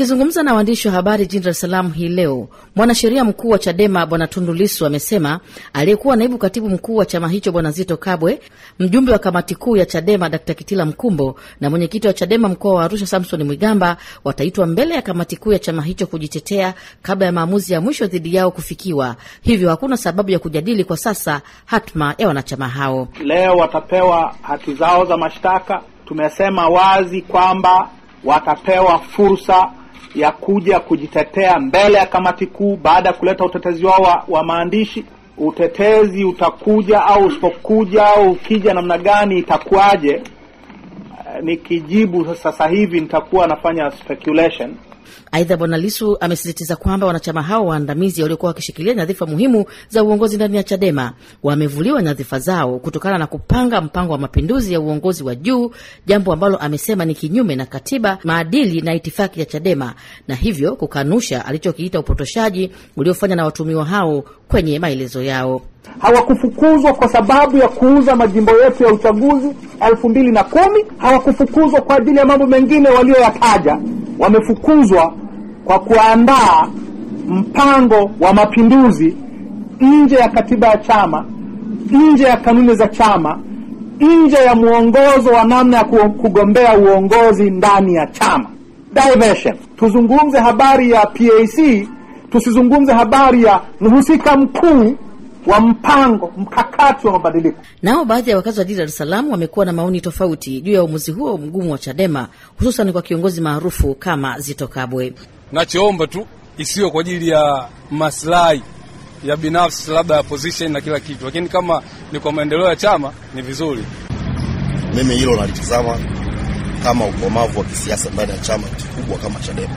Akizungumza na waandishi wa habari jijini dares Salaam hii leo, mwanasheria mkuu wa CHADEMA Bwana tundulisu amesema aliyekuwa naibu katibu mkuu wa chama hicho Bwana Zito Kabwe, mjumbe wa kamati kuu ya CHADEMA Dkt Kitila Mkumbo na mwenyekiti wa CHADEMA mkoa wa Arusha Samson Mwigamba wataitwa mbele ya kamati kuu ya chama hicho kujitetea kabla ya maamuzi ya mwisho dhidi yao kufikiwa, hivyo hakuna sababu ya kujadili kwa sasa hatma ya wanachama hao. Leo watapewa haki zao za mashtaka. Tumesema wazi kwamba watapewa fursa ya kuja kujitetea mbele ya kamati kuu baada ya kuleta utetezi wao wa, wa maandishi. Utetezi utakuja au usipokuja, au ukija namna gani, itakuwaje? Eh, nikijibu sasa hivi nitakuwa nafanya speculation. Aidha, Bwana Lisu amesisitiza kwamba wanachama hao waandamizi waliokuwa wakishikilia nyadhifa muhimu za uongozi ndani ya Chadema wamevuliwa nyadhifa zao kutokana na kupanga mpango wa mapinduzi ya uongozi wa juu, jambo ambalo amesema ni kinyume na katiba, maadili na itifaki ya Chadema, na hivyo kukanusha alichokiita upotoshaji uliofanywa na watumiwa hao kwenye maelezo yao. Hawakufukuzwa kwa sababu ya kuuza majimbo yetu ya uchaguzi elfu mbili na kumi hawakufukuzwa kwa ajili ya mambo mengine walioyataja, wamefukuzwa kwa kuandaa mpango wa mapinduzi nje ya katiba ya chama, nje ya kanuni za chama, nje ya mwongozo wa namna ya kugombea uongozi ndani ya chama. Diversion. Tuzungumze habari ya PAC, tusizungumze habari ya mhusika mkuu wa mpango mkakati wa mabadiliko. Nao baadhi ya wakazi wa jiji Dar es Salaam wamekuwa na maoni tofauti juu ya uamuzi huo mgumu wa Chadema, hususan kwa kiongozi maarufu kama Zito Kabwe. Nachoomba tu isiyo kwa ajili ya maslahi ya binafsi, labda ya position na kila kitu, lakini kama ni kwa maendeleo ya chama ni vizuri. Mimi hilo nalitazama kama ukomavu wa kisiasa ndani ya chama kikubwa kama Chadema,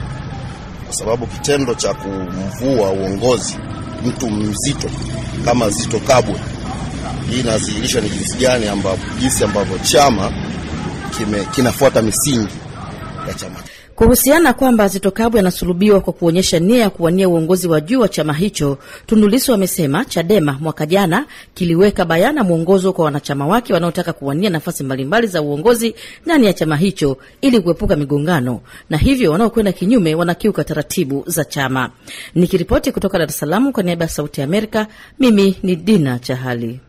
kwa sababu kitendo cha kumvua uongozi mtu mzito kama Zito Kabwe. Hii inadhihirisha ni jinsi gani ambavyo jinsi ambavyo chama kime, kinafuata misingi ya chama. Kuhusiana kwamba Zitto Kabwe anasulubiwa kwa kuonyesha nia ya kuwania uongozi wa juu wa chama hicho, Tundu Lissu wamesema Chadema mwaka jana kiliweka bayana mwongozo kwa wanachama wake wanaotaka kuwania nafasi mbalimbali za uongozi ndani ya chama hicho ili kuepuka migongano, na hivyo wanaokwenda kinyume wanakiuka taratibu za chama. Nikiripoti kutoka Dar es Salaam kwa niaba ya Sauti ya Amerika, mimi ni Dina Chahali.